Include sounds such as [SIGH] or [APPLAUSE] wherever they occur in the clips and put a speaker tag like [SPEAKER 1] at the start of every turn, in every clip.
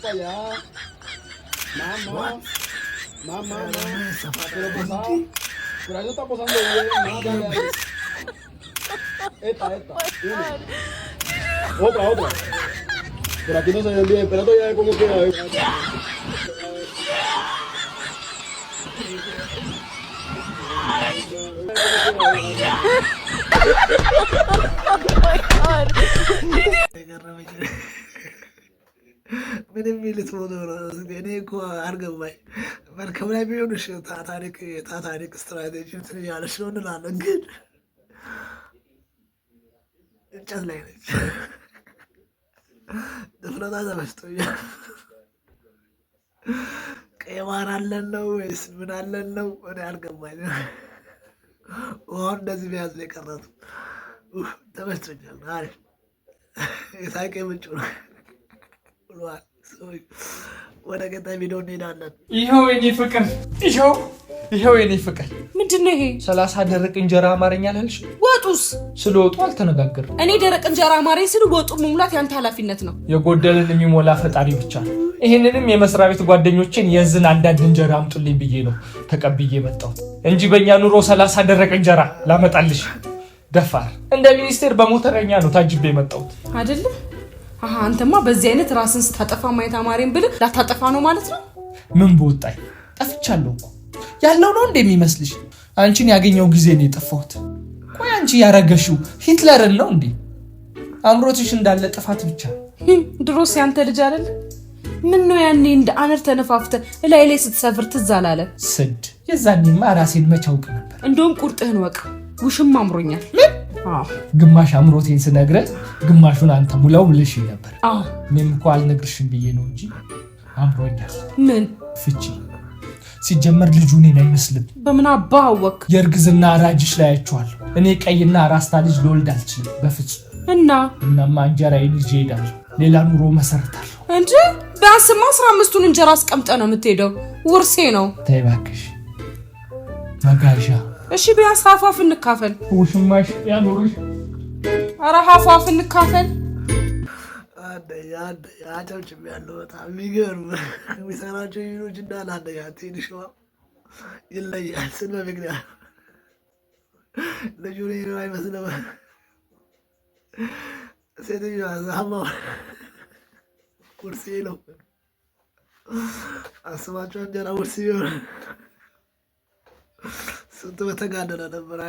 [SPEAKER 1] para Mamá. Mamá, mamá. Pero ahí está posando bien. Esta, esta. Otra, otra. Pero aquí no se ve bien. esto ya ver cómo queda. Oh my
[SPEAKER 2] god. [LAUGHS] ምንም ይሉት ሆኖ እኔ እኮ አልገባኝ። ላይ ቢሆንሽ ታታሪክ የታታሪክ ስትራቴጂ ነው እንላለን፣ ግን እንጨት ላይ ነች። ድፍረታ ተመስቶኛል። ቀይ ባህር አለን ነው ወይስ ምን አለን ነው? እኔ አልገባኝ። ውሃውን እንደዚህ መያዝ ነው የቀረቱ። ተመስቶኛል። አሪፍ የሳቄ ምንጭ ነው ብሏል። ወደ ቀጣይ ቪዲዮ እንሄዳለን። ይኸው የኔ ፍቅር፣ ይኸው ይኸው የኔ ፍቅር። ምንድን ነው ይሄ? ሰላሳ ደረቅ እንጀራ አማርኛ አላልሽ? ወጡስ? ስለ ወጡ አልተነጋገርም። እኔ ደረቅ እንጀራ አማርኝ ስል ወጡ መሙላት ያንተ ኃላፊነት ነው። የጎደልን የሚሞላ ፈጣሪ ብቻ ነው። ይህንንም የመስሪያ ቤት ጓደኞችን የዝን አንዳንድ እንጀራ አምጡልኝ ብዬ ነው ተቀብዬ መጣሁት እንጂ በእኛ ኑሮ ሰላሳ ደረቅ እንጀራ ላመጣልሽ ደፋር። እንደ ሚኒስቴር በሞተረኛ ነው ታጅቤ የመጣሁት አይደለም አሀ አንተማ በዚህ አይነት ራስን ስታጠፋ ማየት አማሬን ብል ላታጠፋ ነው ማለት ነው። ምን በወጣኝ ጠፍቻለሁ እኮ ያለው ነው የሚመስልሽ? አንቺን ያገኘው ጊዜ ነው የጠፋሁት። ቆይ አንቺ ያረገሽው ሂትለርን ነው እንዴ? አምሮትሽ እንዳለ ጥፋት ብቻ። ድሮስ ያንተ ልጅ አለል ምን ነው ያኔ እንደ አነር ተነፋፍተ እላይ ላይ ስትሰፍር ትዝ አላለ? ስድ የዛኔማ ራሴን መቻውቅ ነበር። እንደውም ቁርጥህን ወቅ ውሽም አምሮኛል። ግማሽ አምሮቴን ስነግረ ግማሹን አንተ ሙላው ልሽ ነበር። እኔም እኮ አልነግርሽም ብዬ ነው እንጂ አምሮኛል። ምን ፍቺ ሲጀመር ልጁ እኔን አይመስልም። በምን አባ አወክ? የእርግዝና አራጅሽ ላይ አይቼዋለሁ። እኔ ቀይና ራስታ ልጅ ልወልድ አልችልም በፍጹም። እና እናማ እንጀራዬን ይዤ እሄዳለሁ፣ ሌላ ኑሮ መሰርታለሁ እንጂ በአስማ አስራ አምስቱን እንጀራ አስቀምጠ ነው የምትሄደው። ውርሴ ነው። ተይ እባክሽ መጋዣ እሺ ቢያንስ ሀፏፍ እንካፈል። ውሽማሽ ያኑርሽ። ኧረ ሀፏፍ እንካፈል። አጨብጭብ ያለው በጣም የሚገርም የሚሰራቸው ዩኖች እንዳለ አንደኛ ትንሽዋ ይለያል። ስለ ምክንያት ልጁ ዩኖ አይመስልም። ሴትዮዋ ዛማ ቁርሴ ነው አስባቸው እንጀራ ውርስ ቢሆን ስንት በተጋደለ ነበር።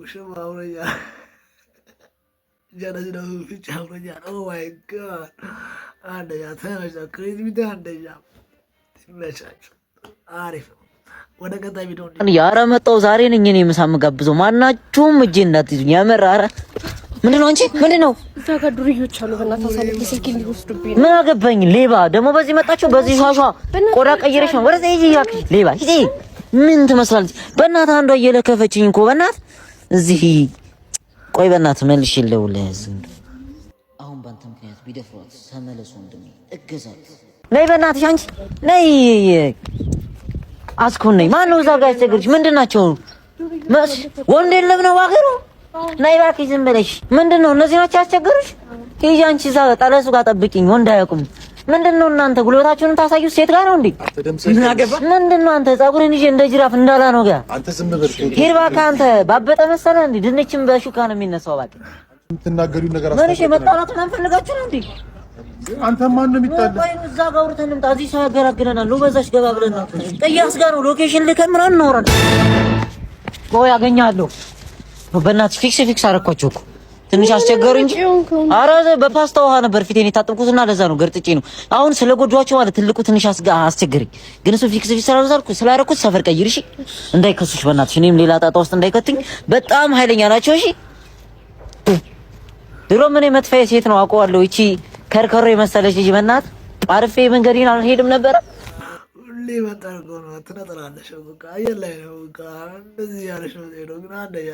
[SPEAKER 2] ውሽም አብሮኛ እጃለች ነው ፍጭ አብሮኛ ነው ማይ ጋድ oh አንደኛ ተመቻ አንደኛ አሪፍ ወደ ቀጣይ ቪዲዮ ያረ መጣው ዛሬ ነኝ እኔ ምሳ የምጋብዘው ማናችሁም እጄ እንዳትይዙኝ። ያመራ አረ ምንድን ነው እንጂ ምንድን ነው እዛ ጋር ዱርዮች አሉ። በእናትህ ስልክ እንዲወስዱብኝ ምን አገባኝ። ሌባ ደግሞ በዚህ መጣችሁ። በዚህ ሻሻ ቆዳ ቀይረሽ ነው ሌባ ምን ትመስላለች? በእናት አንዷ እየለከፈችኝ እኮ በእናት እዚህ ቆይ፣ በእናት መልሽ የለውልህ አሁን ባንተ ምክንያት ቢደፍሯት ተመለሱ፣ ወንድሜ እገዛት። ነይ በእናትሽ አንቺ ነይ፣ አስኩን ነይ። ማን ነው እዛ ጋር ያስቸገረች? ምንድን ናቸው? ወንድ የለም ነው ባገሩ? ነይ እባክሽ፣ ዝም ብለሽ ምንድን ነው እነዚህ ናቸው ያስቸገሩሽ? ሂጂ አንቺ እዛ ጠለሱ ጋር ጠብቂኝ፣ ወንድ አያውቁም። ምንድን ነው እናንተ ጉልበታችሁን ታሳዩት ሴት ጋር ነው እንዴ? ምንድን ነው አንተ ጸጉርን ይዤ እንደ ጅራፍ እንዳላ ነው ጋር አንተ ዝም ብለህ ሄድ እባክህ። አንተ ባበጠ መሰለ እንዴ? ድንችም በሹካ ነው የሚነሳው። እባክህ የምትናገዱ ነገር አስተምሩ። ምን መጣላት ነው ፈልጋችሁ ነው እንዴ? አንተ ማን ነው የሚጣለው? ወይ እዛ ጋር አውርተን እንምጣ። እዚህ ሰው ያገላግለናል። በዛሽ ገባ ብለን ነው ቅያስ ጋር ነው ሎኬሽን ልከን ምናምን እናወራለን። ቆይ አገኛለሁ። በእናትህ ፊክስ ፊክስ አደረኳቸው እኮ ትንሽ አስቸገሩ እንጂ ኧረ በፓስታ ውሃ ነበር ፊቴን የታጠብኩት እና ለዛ ነው ገርጥጬ ነው። አሁን ስለ ጎዷቸው ማለት ትልቁ ትንሽ አስጋ አስቸገረኝ፣ ግን እሱ ፊክስ ፊክስ ስላደረኩት ሰፈር ቀይር፣ እሺ እንዳይከሱሽ፣ በእናትሽ እኔም ሌላ ጣጣ ውስጥ እንዳይከቱኝ። በጣም ኃይለኛ ናቸው። እሺ ድሮ ምን መጥፋዬ ሴት ነው አውቀዋለሁ። እቺ ከርከሮ የመሰለች ልጅ በእናት አርፌ መንገዴን አልሄድም ነበረ። ሁሌ መጣር እኮ ነው። ትነጥራለሽ፣ በቃ አየር ላይ ነው። በቃ እንደዚህ ያለሽ ነው። ግን አንደኛ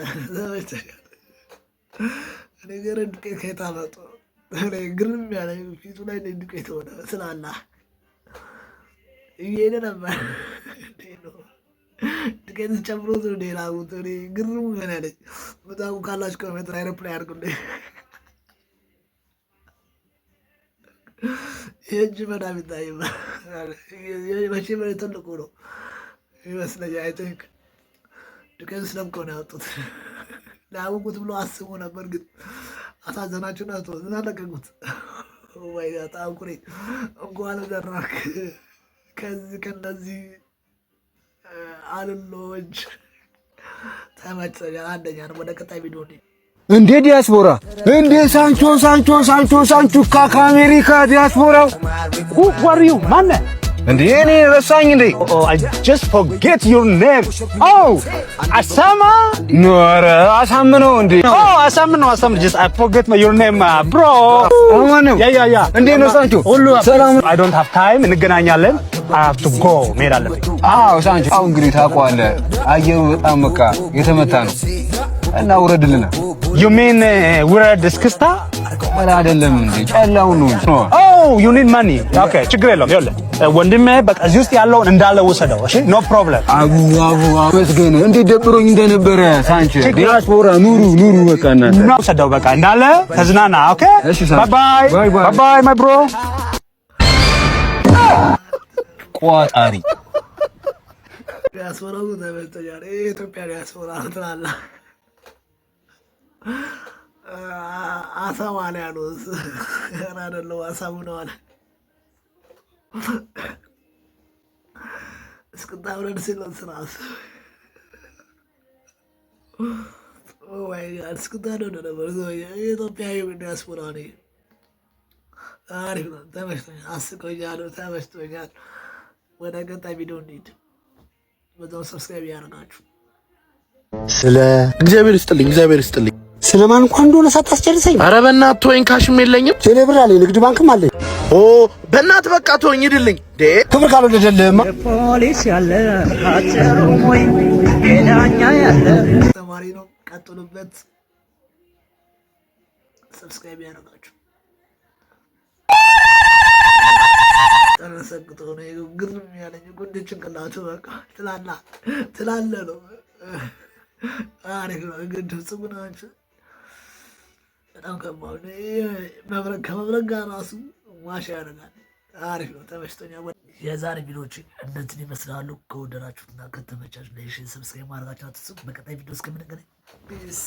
[SPEAKER 2] ነገር ዱቄት ከየታመጡ ግርም ያለ ፊቱ ላይ ነ ዱቄት ሆነ ስላላ እየሄደ ነበር። ዱቄት ጨምሮ ሌላ ግርም ሆን ያለ በጣም ካላችሁ ከሜትር አይረፕላ ያርጉ የእጅ በጣም ይታይ መቼ በ ትልቁ ነው ይመስለኛል። አይ ቲንክ ዱቄት ስለምከሆነ ያወጡት ሊያወጉት ብሎ አስቦ ነበር፣ ግን አሳዘናቸው ናቶ አለቀቁት። ታኩሬ እንኳን ዘራክ ከዚህ ከነዚህ አልሎች ተመቸኝ። አንደኛ ነው። ወደ ቀጣይ ቪዲዮ እንዴ ዲያስፖራ እንዴ ሳንቾ ሳንቾ ሳንቾ ሳንቾ ካካ አሜሪካ ዲያስፖራው ኩኳሪው ማነ እንዴ እኔ ረሳኝ እንዴ? አይ ጀስት ፎርጌት ዩር ኔም ኦ አሳማ ኖረ አሳምነው እንዴ? ኦ አሳምነው አሳምነው ጀስት አይ ፎርጌት ማይ ዩር ኔም ብሮ ኦማን ያ ያ ያ እንዴ ነው ሳንቹ ሁሉ ሰላም አይ ዶንት ሃቭ ታይም እንገናኛለን። አይ ሃቭ ቱ ጎ መሄድ አለብኝ። አዎ ሳንቹ አሁን እንግዲህ ታውቀዋለህ፣ አየሩ በጣም በቃ የተመታ ነው እና ውረድልና ዩሜን ውረድ እስክስታ ኧረ አይደለም እንዴ ነው ኦ ዩ ኒድ ማኒ ችግር የለውም ይኸውልህ uh, ወንድሜ በቃ እዚህ ውስጥ ያለውን እንዳለ ውሰደው እሺ ኖ ፕሮብለም አቡ አቡ አመስገን እንዴት ደብሮኝ እንደነበረ ሳንቼ ዲያስፖራ ኑሩ ኑሩ በቃ እናንተ ውሰደው በቃ እንዳለ ተዝናና ኦኬ ባይ ባይ ባይ ማይ ብሮ ቋጣሪ ዲያስፖራው ነው ተበልተኛል ኢትዮጵያ ዲያስፖራ ትላለህ አሳማ ነው ያሉት። ኧረ አይደለም አሳሙ ነው አለ ብረድ ሲለን ስራስ እስቅጣ ደ ነበር። የኢትዮጵያ ዲያስፖራ ነው። አሪፍ ነው። ተመችቶኛል። አስቆኛል። ተመችቶኛል። ወደ ቀጣይ ቪዲዮ እንሂድ። በዛው ሰብስክራይብ ያደርጋችሁ። ስለ እግዚአብሔር ይስጥልኝ። እግዚአብሔር ይስጥልኝ። ስለማን እንኳን እንደሆነ ሳታስጨርሰኝ። ኧረ በእናትህ ተወኝ፣ ካሽም የለኝም። ቴሌ ብር አለኝ፣ ንግድ ባንክም አለኝ። ኦ በእናትህ በቃ ተወኝ፣ ሂድልኝ። ዴ ክብር ደደለማ ፖሊስ ያለ ዳኛ ያለ ተማሪ ነው። ቀጥሉበት። ሰብስክራይብ ያደርጋችሁ ተረሰግጦ ነው ግርም ያለኝ ጉድ ጭንቅላቱ በቃ ትላላ ትላለ ነው አሪፍ ነው። በጣም ከባድ መብረቅ ከመብረቅ ጋር ራሱ ማሻ ያደርጋል። አሪፍ ነው። ተመችቶኛ የዛሬ ቪዲዮዎች እነዚህን ይመስላሉ። ከወደዳችሁትና ከተመቻችሁ ላይ ሰብስክራይብ ማድረጋችሁ አትርሱ። በቀጣይ ቪዲዮ እስከምንገናኝ ፒስ